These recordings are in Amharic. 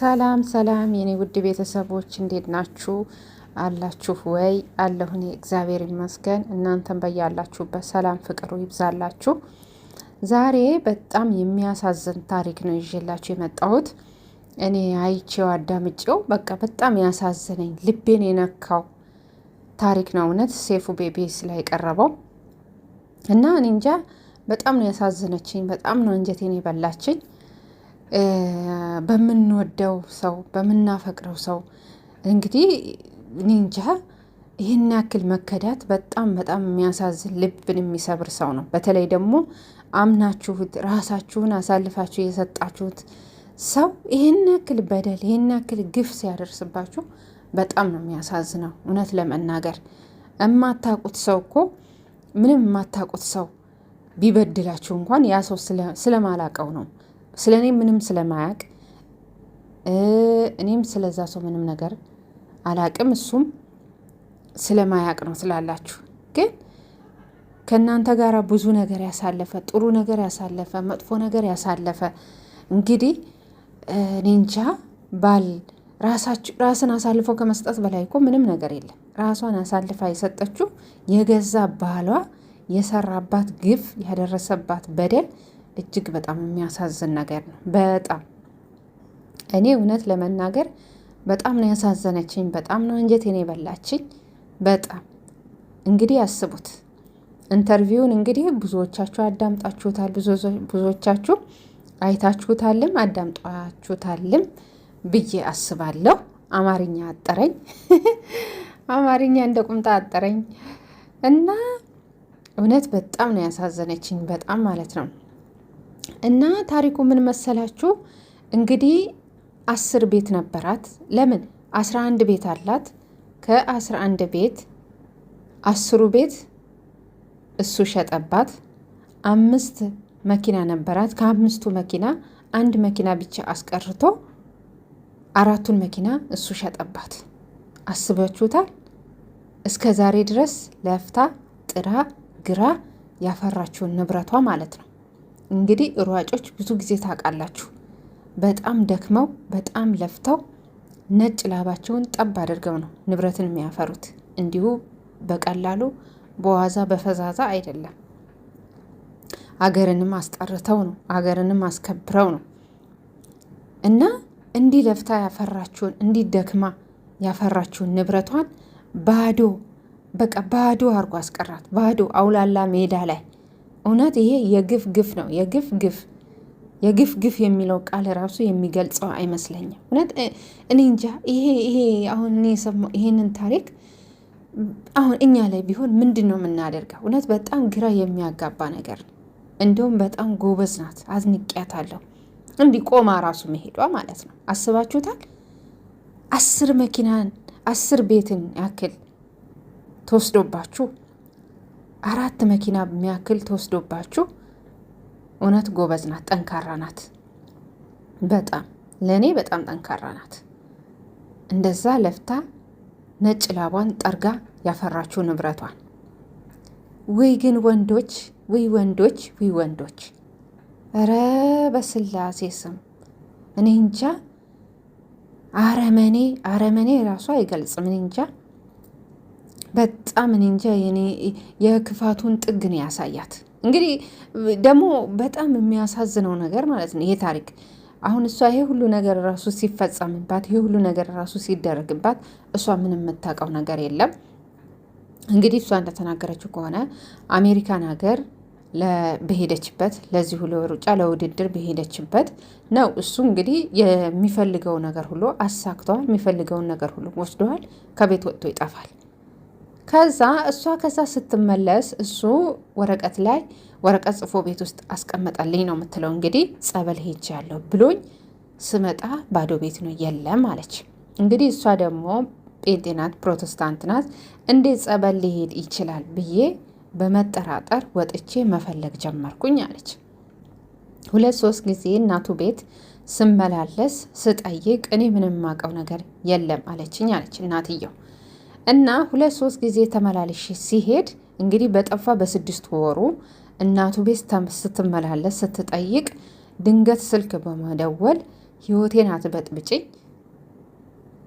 ሰላም ሰላም የኔ ውድ ቤተሰቦች እንዴት ናችሁ? አላችሁ ወይ? አለሁ እኔ እግዚአብሔር ይመስገን። እናንተም በያላችሁበት ሰላም ፍቅሩ ይብዛላችሁ። ዛሬ በጣም የሚያሳዝን ታሪክ ነው ይዤላችሁ የመጣሁት። እኔ አይቼው አዳምጬው በቃ በጣም ያሳዝነኝ ልቤን የነካው ታሪክ ነው እውነት ሴፉ ቤቢስ ላይ የቀረበው እና እኔ እንጃ በጣም ነው ያሳዝነችኝ። በጣም ነው እንጀቴን የበላችኝ። በምንወደው ሰው በምናፈቅረው ሰው እንግዲህ ኒንጃ ይህን ያክል መከዳት በጣም በጣም የሚያሳዝን ልብን የሚሰብር ሰው ነው። በተለይ ደግሞ አምናችሁት ራሳችሁን አሳልፋችሁ የሰጣችሁት ሰው ይህን ያክል በደል ይህን ያክል ግፍ ሲያደርስባችሁ በጣም ነው የሚያሳዝነው። እውነት ለመናገር እማታቁት ሰው እኮ ምንም የማታቁት ሰው ቢበድላችሁ እንኳን ያ ሰው ስለማላቀው ነው ስለ እኔ ምንም ስለማያቅ እኔም ስለዛ ሰው ምንም ነገር አላቅም እሱም ስለማያቅ ነው ስላላችሁ ግን ከእናንተ ጋር ብዙ ነገር ያሳለፈ ጥሩ ነገር ያሳለፈ መጥፎ ነገር ያሳለፈ እንግዲህ እኔ እንጃ ባል ራስን አሳልፎ ከመስጠት በላይ እኮ ምንም ነገር የለም። ራሷን አሳልፋ የሰጠችው የገዛ ባሏ የሰራባት ግፍ ያደረሰባት በደል እጅግ በጣም የሚያሳዝን ነገር ነው። በጣም እኔ እውነት ለመናገር በጣም ነው ያሳዘነችኝ። በጣም ነው አንጀቴን የበላችኝ። በጣም እንግዲህ ያስቡት። ኢንተርቪውን እንግዲህ ብዙዎቻችሁ አዳምጣችሁታል፣ ብዙዎቻችሁ አይታችሁታልም፣ አዳምጣችሁታልም ብዬ አስባለሁ። አማርኛ አጠረኝ፣ አማርኛ እንደ ቁምጣ አጠረኝ እና እውነት በጣም ነው ያሳዘነችኝ። በጣም ማለት ነው። እና ታሪኩ ምን መሰላችሁ እንግዲህ አስር ቤት ነበራት። ለምን አስራ አንድ ቤት አላት። ከአስራ አንድ ቤት አስሩ ቤት እሱ ሸጠባት። አምስት መኪና ነበራት። ከአምስቱ መኪና አንድ መኪና ብቻ አስቀርቶ አራቱን መኪና እሱ ሸጠባት። አስባችሁታል? እስከ ዛሬ ድረስ ለፍታ ጥራ ግራ ያፈራችውን ንብረቷ ማለት ነው እንግዲህ ሯጮች ብዙ ጊዜ ታውቃላችሁ፣ በጣም ደክመው በጣም ለፍተው ነጭ ላባቸውን ጠብ አድርገው ነው ንብረትን የሚያፈሩት። እንዲሁ በቀላሉ በዋዛ በፈዛዛ አይደለም። አገርንም አስጠርተው ነው አገርንም አስከብረው ነው እና እንዲህ ለፍታ ያፈራችውን እንዲህ ደክማ ያፈራችውን ንብረቷን ባዶ በቃ ባዶ አርጎ አስቀራት። ባዶ አውላላ ሜዳ ላይ እውነት ይሄ የግፍ ግፍ ነው። የግፍ ግፍ የግፍ ግፍ የሚለው ቃል ራሱ የሚገልጸው አይመስለኝም። እውነት እኔ እንጃ። ይሄ ይሄ አሁን እኔ የሰማው ይሄንን ታሪክ አሁን እኛ ላይ ቢሆን ምንድን ነው የምናደርገው? እውነት በጣም ግራ የሚያጋባ ነገር ነው። እንደውም በጣም ጎበዝ ናት፣ አዝንቂያታለሁ። እንዲህ ቆማ ራሱ መሄዷ ማለት ነው። አስባችሁታል? አስር መኪናን አስር ቤትን ያክል ተወስዶባችሁ አራት መኪና የሚያክል ተወስዶባችሁ። እውነት ጎበዝ ናት፣ ጠንካራ ናት። በጣም ለእኔ በጣም ጠንካራ ናት። እንደዛ ለፍታ ነጭ ላቧን ጠርጋ ያፈራችሁ ንብረቷን። ውይ ግን ወንዶች፣ ውይ ወንዶች፣ ውይ ወንዶች! እረ በስላሴ ስም እኔ እንጃ። አረመኔ አረመኔ ራሱ አይገልጽም። እኔ እንጃ በጣም እንጃ የኔ የክፋቱን ጥግ ነው ያሳያት። እንግዲህ ደግሞ በጣም የሚያሳዝነው ነገር ማለት ነው ይሄ ታሪክ አሁን እሷ ይሄ ሁሉ ነገር ራሱ ሲፈጸምባት ይሄ ሁሉ ነገር ራሱ ሲደረግባት እሷ ምንም የምታውቀው ነገር የለም። እንግዲህ እሷ እንደተናገረችው ከሆነ አሜሪካን ሀገር በሄደችበት ለዚህ ሁሉ ሩጫ ለውድድር በሄደችበት ነው እሱ እንግዲህ የሚፈልገው ነገር ሁሉ አሳክተዋል። የሚፈልገውን ነገር ሁሉ ወስደዋል። ከቤት ወጥቶ ይጠፋል። ከዛ እሷ ከዛ ስትመለስ እሱ ወረቀት ላይ ወረቀት ጽፎ ቤት ውስጥ አስቀመጠልኝ ነው የምትለው። እንግዲህ ጸበል ሄጅ ያለው ብሎኝ ስመጣ ባዶ ቤት ነው የለም አለች። እንግዲህ እሷ ደግሞ ጴንጤ ናት፣ ፕሮቴስታንት ናት። እንዴት ጸበል ሊሄድ ይችላል ብዬ በመጠራጠር ወጥቼ መፈለግ ጀመርኩኝ አለች። ሁለት ሶስት ጊዜ እናቱ ቤት ስመላለስ ስጠይቅ እኔ ምንም ማቀው ነገር የለም አለችኝ አለች እናትየው እና ሁለት ሶስት ጊዜ ተመላልሽ ሲሄድ እንግዲህ በጠፋ በስድስት ወሩ እናቱ ቤት ስትመላለስ ስትጠይቅ ድንገት ስልክ በመደወል ህይወቴን አትበጥብጭኝ፣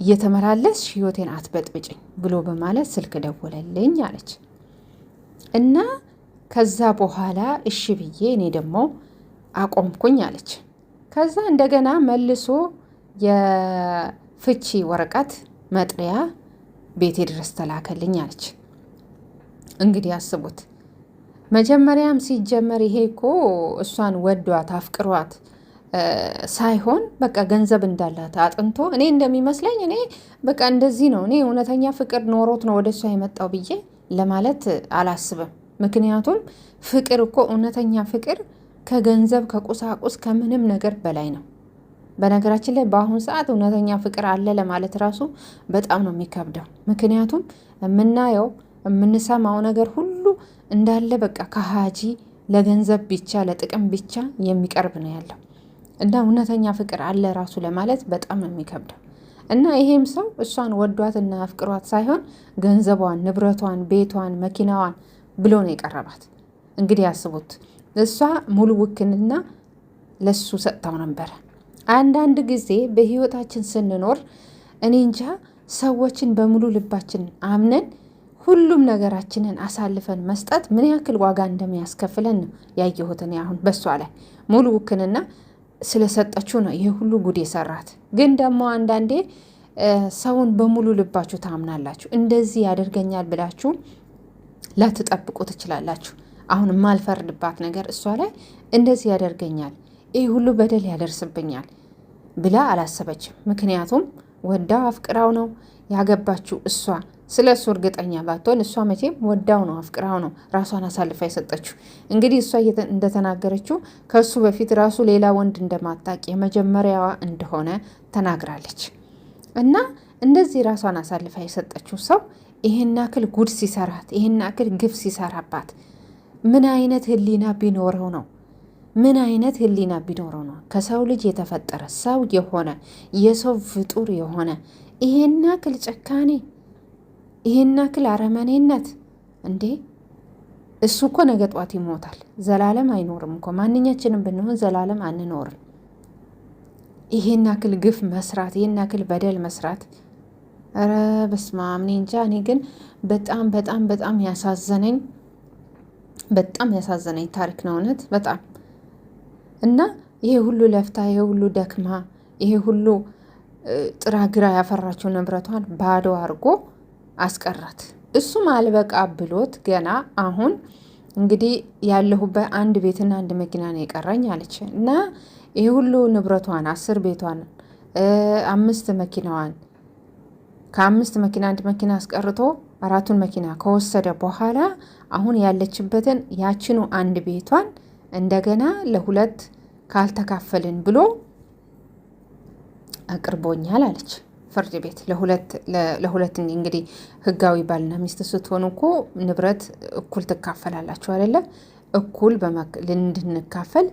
እየተመላለስሽ ህይወቴን አትበጥብጭኝ ብሎ በማለት ስልክ ደወለልኝ አለች እና ከዛ በኋላ እሺ ብዬ እኔ ደግሞ አቆምኩኝ አለች። ከዛ እንደገና መልሶ የፍቺ ወረቀት መጥሪያ ቤቴ ድረስ ተላከልኝ አለች። እንግዲህ አስቡት። መጀመሪያም ሲጀመር ይሄ እኮ እሷን ወዷት አፍቅሯት ሳይሆን በቃ ገንዘብ እንዳላት አጥንቶ እኔ እንደሚመስለኝ እኔ በቃ እንደዚህ ነው እኔ እውነተኛ ፍቅር ኖሮት ነው ወደ እሷ የመጣው ብዬ ለማለት አላስብም። ምክንያቱም ፍቅር እኮ እውነተኛ ፍቅር ከገንዘብ ከቁሳቁስ ከምንም ነገር በላይ ነው። በነገራችን ላይ በአሁኑ ሰዓት እውነተኛ ፍቅር አለ ለማለት ራሱ በጣም ነው የሚከብደው። ምክንያቱም የምናየው የምንሰማው ነገር ሁሉ እንዳለ በቃ ከሀጂ ለገንዘብ ብቻ ለጥቅም ብቻ የሚቀርብ ነው ያለው እና እውነተኛ ፍቅር አለ ራሱ ለማለት በጣም ነው የሚከብደው። እና ይሄም ሰው እሷን ወዷትና አፍቅሯት ሳይሆን ገንዘቧን፣ ንብረቷን፣ ቤቷን፣ መኪናዋን ብሎ ነው የቀረባት። እንግዲህ ያስቡት እሷ ሙሉ ውክንና ለሱ ሰጥታው ነበረ አንዳንድ ጊዜ በህይወታችን ስንኖር እኔ እንጃ ሰዎችን በሙሉ ልባችን አምነን ሁሉም ነገራችንን አሳልፈን መስጠት ምን ያክል ዋጋ እንደሚያስከፍለን ነው ያየሁት። እኔ አሁን በሷ ላይ ሙሉ ውክንና ስለሰጠችው ነው ይህ ሁሉ ጉድ የሰራት። ግን ደግሞ አንዳንዴ ሰውን በሙሉ ልባችሁ ታምናላችሁ። እንደዚህ ያደርገኛል ብላችሁ ላትጠብቁ ትችላላችሁ። አሁን የማልፈርድባት ነገር እሷ ላይ እንደዚህ ያደርገኛል ይህ ሁሉ በደል ያደርስብኛል ብላ አላሰበችም። ምክንያቱም ወዳው አፍቅራው ነው ያገባችው እሷ ስለ እሱ እርግጠኛ ባትሆን እሷ መቼም ወዳው ነው አፍቅራው ነው ራሷን አሳልፋ የሰጠችው። እንግዲህ እሷ እንደተናገረችው ከእሱ በፊት ራሱ ሌላ ወንድ እንደማታቅ የመጀመሪያዋ እንደሆነ ተናግራለች። እና እንደዚህ ራሷን አሳልፋ የሰጠችው ሰው ይህን አክል ጉድ ሲሰራት፣ ይህን አክል ግፍ ሲሰራባት ምን አይነት ህሊና ቢኖረው ነው ምን አይነት ህሊና ቢኖረው ነው ከሰው ልጅ የተፈጠረ ሰው የሆነ የሰው ፍጡር የሆነ ይሄን ያክል ጨካኔ፣ ይሄን ያክል አረመኔነት እንዴ! እሱ እኮ ነገ ጠዋት ይሞታል። ዘላለም አይኖርም እኮ ማንኛችንም ብንሆን ዘላለም አንኖርም። ይሄን ያክል ግፍ መስራት፣ ይሄን ያክል በደል መስራት፣ ኧረ በስመ አብ። እኔ እንጃ። እኔ ግን በጣም በጣም በጣም ያሳዘነኝ በጣም ያሳዘነኝ ታሪክ ነው እውነት በጣም እና ይሄ ሁሉ ለፍታ ይሄ ሁሉ ደክማ ይሄ ሁሉ ጥራ ግራ ያፈራችው ንብረቷን ባዶ አድርጎ አስቀራት። እሱም አልበቃ ብሎት ገና አሁን እንግዲህ ያለሁበት አንድ ቤትና አንድ መኪና ነው የቀረኝ አለች እና ይህ ሁሉ ንብረቷን አስር ቤቷን አምስት መኪናዋን ከአምስት መኪና አንድ መኪና አስቀርቶ አራቱን መኪና ከወሰደ በኋላ አሁን ያለችበትን ያችኑ አንድ ቤቷን እንደገና ለሁለት ካልተካፈልን ብሎ አቅርቦኛል አለች ፍርድ ቤት። ለሁለት እንግዲህ ህጋዊ ባልና ሚስት ስትሆኑ እኮ ንብረት እኩል ትካፈላላችሁ አይደለ? እኩል ልንድንካፈል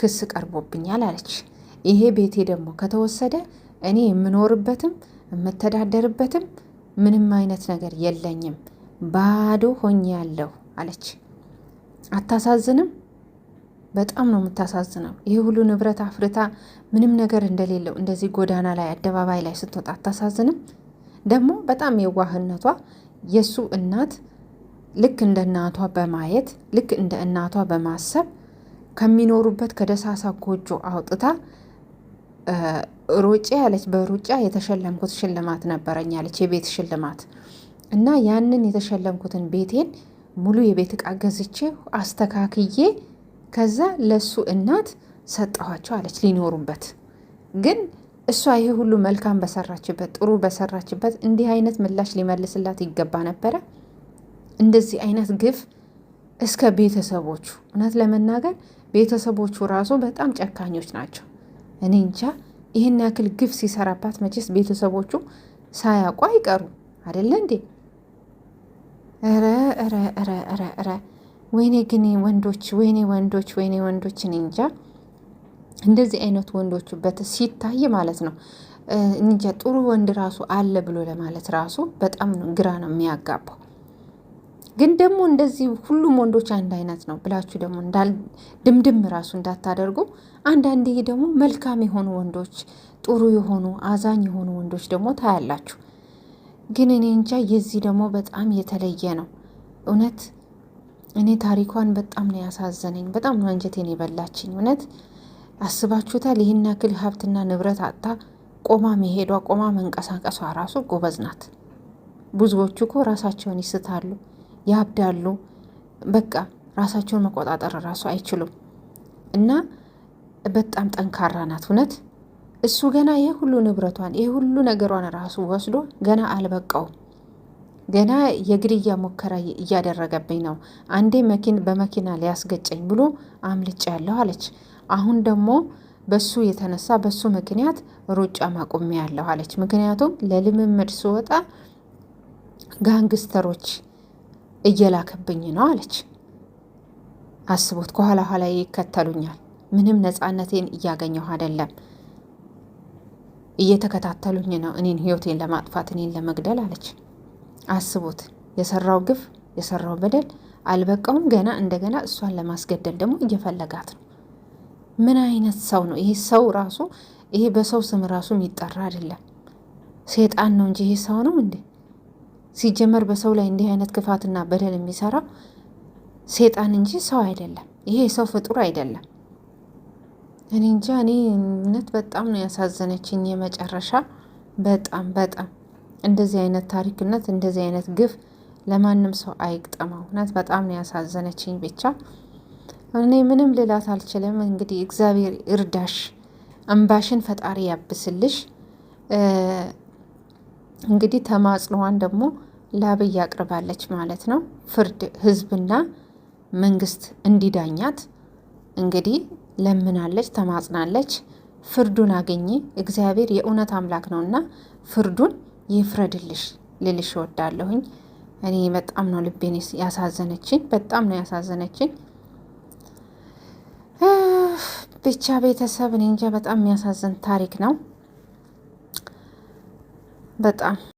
ክስ ቀርቦብኛል አለች። ይሄ ቤቴ ደግሞ ከተወሰደ እኔ የምኖርበትም የምተዳደርበትም ምንም አይነት ነገር የለኝም፣ ባዶ ያለው አለች። አታሳዝንም? በጣም ነው የምታሳዝነው። ይህ ሁሉ ንብረት አፍርታ ምንም ነገር እንደሌለው እንደዚህ ጎዳና ላይ አደባባይ ላይ ስትወጣ አታሳዝንም? ደግሞ በጣም የዋህነቷ የእሱ እናት ልክ እንደ እናቷ በማየት ልክ እንደ እናቷ በማሰብ ከሚኖሩበት ከደሳሳ ጎጆ አውጥታ ሮጬ ያለች በሩጫ የተሸለምኩት ሽልማት ነበረኝ ያለች የቤት ሽልማት እና ያንን የተሸለምኩትን ቤቴን ሙሉ የቤት እቃ ገዝቼ አስተካክዬ ከዛ ለሱ እናት ሰጠኋቸው አለች። ሊኖሩበት ግን እሷ ይሄ ሁሉ መልካም በሰራችበት ጥሩ በሰራችበት እንዲህ አይነት ምላሽ ሊመልስላት ይገባ ነበረ። እንደዚህ አይነት ግፍ እስከ ቤተሰቦቹ እውነት ለመናገር ቤተሰቦቹ ራሱ በጣም ጨካኞች ናቸው። እኔ እንጃ ይህን ያክል ግፍ ሲሰራባት መቼስ ቤተሰቦቹ ሳያውቁ አይቀሩ አይደለ እንዴ? ኧረ ኧረ ኧረ ኧረ ወይኔ ግን ወንዶች፣ ወይኔ ወንዶች፣ ወይኔ ወንዶች፣ እኔ እንጃ እንደዚህ አይነት ወንዶቹ በት ሲታይ ማለት ነው እንጃ ጥሩ ወንድ ራሱ አለ ብሎ ለማለት ራሱ በጣም ግራ ነው የሚያጋባው። ግን ደግሞ እንደዚህ ሁሉም ወንዶች አንድ አይነት ነው ብላችሁ ደግሞ ድምድም ራሱ እንዳታደርጉ። አንዳንዴ ደግሞ መልካም የሆኑ ወንዶች፣ ጥሩ የሆኑ አዛኝ የሆኑ ወንዶች ደግሞ ታያላችሁ። ግን እኔ እንጃ የዚህ ደግሞ በጣም የተለየ ነው እውነት እኔ ታሪኳን በጣም ነው ያሳዘነኝ። በጣም ነው አንጀቴን የበላችኝ። እውነት አስባችሁታል? ይህን ያክል ሀብትና ንብረት አጣ ቆማ መሄዷ ቆማ መንቀሳቀሷ ራሱ ጎበዝ ናት። ብዙዎቹ እኮ ራሳቸውን ይስታሉ፣ ያብዳሉ። በቃ ራሳቸውን መቆጣጠር ራሱ አይችሉም። እና በጣም ጠንካራ ናት እውነት። እሱ ገና ይህ ሁሉ ንብረቷን ይህ ሁሉ ነገሯን ራሱ ወስዶ ገና አልበቃውም። ገና የግድያ ሙከራ እያደረገብኝ ነው። አንዴ መኪን በመኪና ሊያስገጨኝ ብሎ አምልጭ ያለሁ አለች። አሁን ደግሞ በሱ የተነሳ በሱ ምክንያት ሩጫ ማቆሚ ያለሁ አለች። ምክንያቱም ለልምምድ ስወጣ ጋንግስተሮች እየላከብኝ ነው አለች። አስቦት ከኋላ ኋላ ይከተሉኛል። ምንም ነፃነቴን እያገኘሁ አይደለም። እየተከታተሉኝ ነው፣ እኔን ህይወቴን ለማጥፋት እኔን ለመግደል አለች። አስቡት፣ የሰራው ግፍ የሰራው በደል አልበቃውም። ገና እንደገና እሷን ለማስገደል ደግሞ እየፈለጋት ነው። ምን አይነት ሰው ነው ይሄ? ሰው ራሱ ይሄ በሰው ስም ራሱ የሚጠራ አይደለም፣ ሴጣን ነው እንጂ ይሄ ሰው ነው እንዴ? ሲጀመር በሰው ላይ እንዲህ አይነት ክፋትና በደል የሚሰራው ሴጣን እንጂ ሰው አይደለም። ይሄ የሰው ፍጡር አይደለም። እኔ እንጃ። እኔ እውነት በጣም ነው ያሳዘነችኝ የመጨረሻ በጣም በጣም እንደዚህ አይነት ታሪክነት እንደዚህ አይነት ግፍ ለማንም ሰው አይግጠመው። እውነት በጣም ነው ያሳዘነችኝ። ብቻ እኔ ምንም ልላት አልችልም። እንግዲህ እግዚአብሔር እርዳሽ፣ እንባሽን ፈጣሪ ያብስልሽ። እንግዲህ ተማጽኗዋን ደግሞ ለአብይ አቅርባለች ማለት ነው። ፍርድ ህዝብና መንግስት እንዲዳኛት እንግዲህ ለምናለች፣ ተማጽናለች። ፍርዱን አገኘ እግዚአብሔር የእውነት አምላክ ነውና ፍርዱን ይፍረድልሽ ልልሽ ወዳለሁኝ እኔ በጣም ነው ልቤን ያሳዘነችኝ፣ በጣም ነው ያሳዘነችኝ። ብቻ ቤተሰብ እኔ እንጃ፣ በጣም የሚያሳዝን ታሪክ ነው በጣም